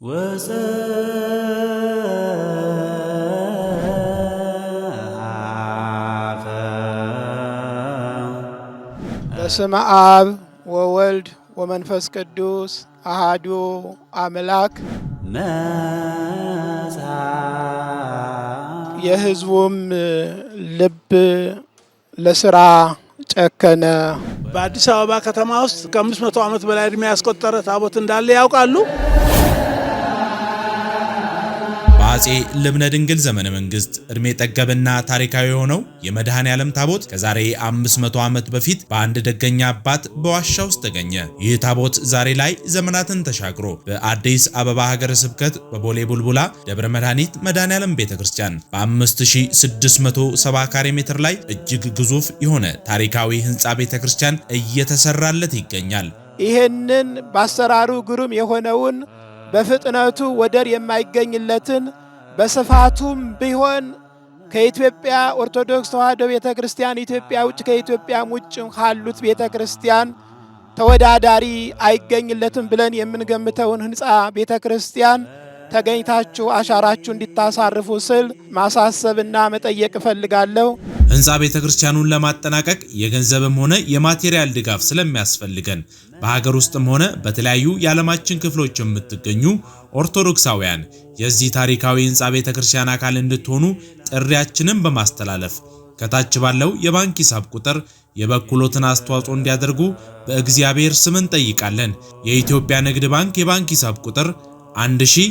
በስመ አብ ወወልድ ወመንፈስ ቅዱስ አሃዱ አምላክ። የሕዝቡም ልብ ለስራ ጨከነ። በአዲስ አበባ ከተማ ውስጥ ከአምስት መቶ ዓመት በላይ ዕድሜ ያስቆጠረ ታቦት እንዳለ ያውቃሉ። በአጼ ልብነ ድንግል ዘመነ መንግስት እድሜ ጠገብና ታሪካዊ የሆነው የመድኃኔ ዓለም ታቦት ከዛሬ 500 ዓመት በፊት በአንድ ደገኛ አባት በዋሻ ውስጥ ተገኘ። ይህ ታቦት ዛሬ ላይ ዘመናትን ተሻግሮ በአዲስ አበባ ሀገረ ስብከት በቦሌ ቡልቡላ ደብረ መድኃኒት መድኃኔ ዓለም ቤተ ክርስቲያን በ5670 ካሬ ሜትር ላይ እጅግ ግዙፍ የሆነ ታሪካዊ ህንፃ ቤተ ክርስቲያን እየተሰራለት ይገኛል። ይህንን በአሰራሩ ግሩም የሆነውን በፍጥነቱ ወደር የማይገኝለትን በስፋቱም ቢሆን ከኢትዮጵያ ኦርቶዶክስ ተዋሕዶ ቤተ ክርስቲያን ኢትዮጵያ ውጭ ከኢትዮጵያም ውጭ ካሉት ቤተ ክርስቲያን ተወዳዳሪ አይገኝለትም ብለን የምንገምተውን ህንፃ ቤተ ክርስቲያን ተገኝታችሁ አሻራችሁ እንዲታሳርፉ ስል ማሳሰብና መጠየቅ እፈልጋለሁ። ህንፃ ቤተ ክርስቲያኑን ለማጠናቀቅ የገንዘብም ሆነ የማቴሪያል ድጋፍ ስለሚያስፈልገን በሀገር ውስጥም ሆነ በተለያዩ የዓለማችን ክፍሎች የምትገኙ ኦርቶዶክሳውያን የዚህ ታሪካዊ ህንፃ ቤተ ክርስቲያን አካል እንድትሆኑ ጥሪያችንን በማስተላለፍ ከታች ባለው የባንክ ሂሳብ ቁጥር የበኩሎትን አስተዋጽኦ እንዲያደርጉ በእግዚአብሔር ስም እንጠይቃለን። የኢትዮጵያ ንግድ ባንክ የባንክ ሂሳብ ቁጥር 1000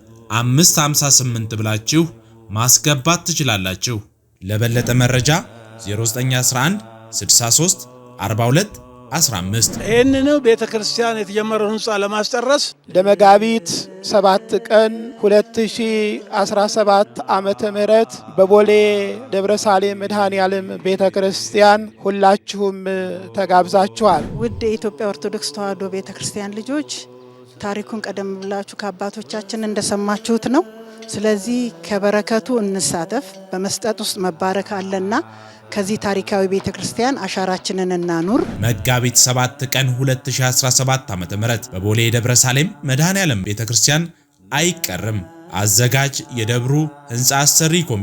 558 ብላችሁ ማስገባት ትችላላችሁ። ለበለጠ መረጃ 0911 63 42 15 ይህንን ቤተ ክርስቲያን የተጀመረው ህንፃ ለማስጨረስ ለመጋቢት 7 ቀን 2017 ዓመተ ምህረት በቦሌ ደብረሳሌም መድኃኔዓለም ቤተ ክርስቲያን ሁላችሁም ተጋብዛችኋል። ውድ የኢትዮጵያ ኦርቶዶክስ ተዋሕዶ ቤተ ክርስቲያን ልጆች ታሪኩን ቀደም ብላችሁ ከአባቶቻችን እንደሰማችሁት ነው። ስለዚህ ከበረከቱ እንሳተፍ፣ በመስጠት ውስጥ መባረክ አለና ከዚህ ታሪካዊ ቤተ ክርስቲያን አሻራችንን እናኑር። መጋቢት 7 ቀን 2017 ዓ.ም በቦሌ ደብረ ሳሌም መድኃኔ ዓለም ቤተ ክርስቲያን አይቀርም። አዘጋጅ የደብሩ ህንፃ አሰሪ ኮሚቴ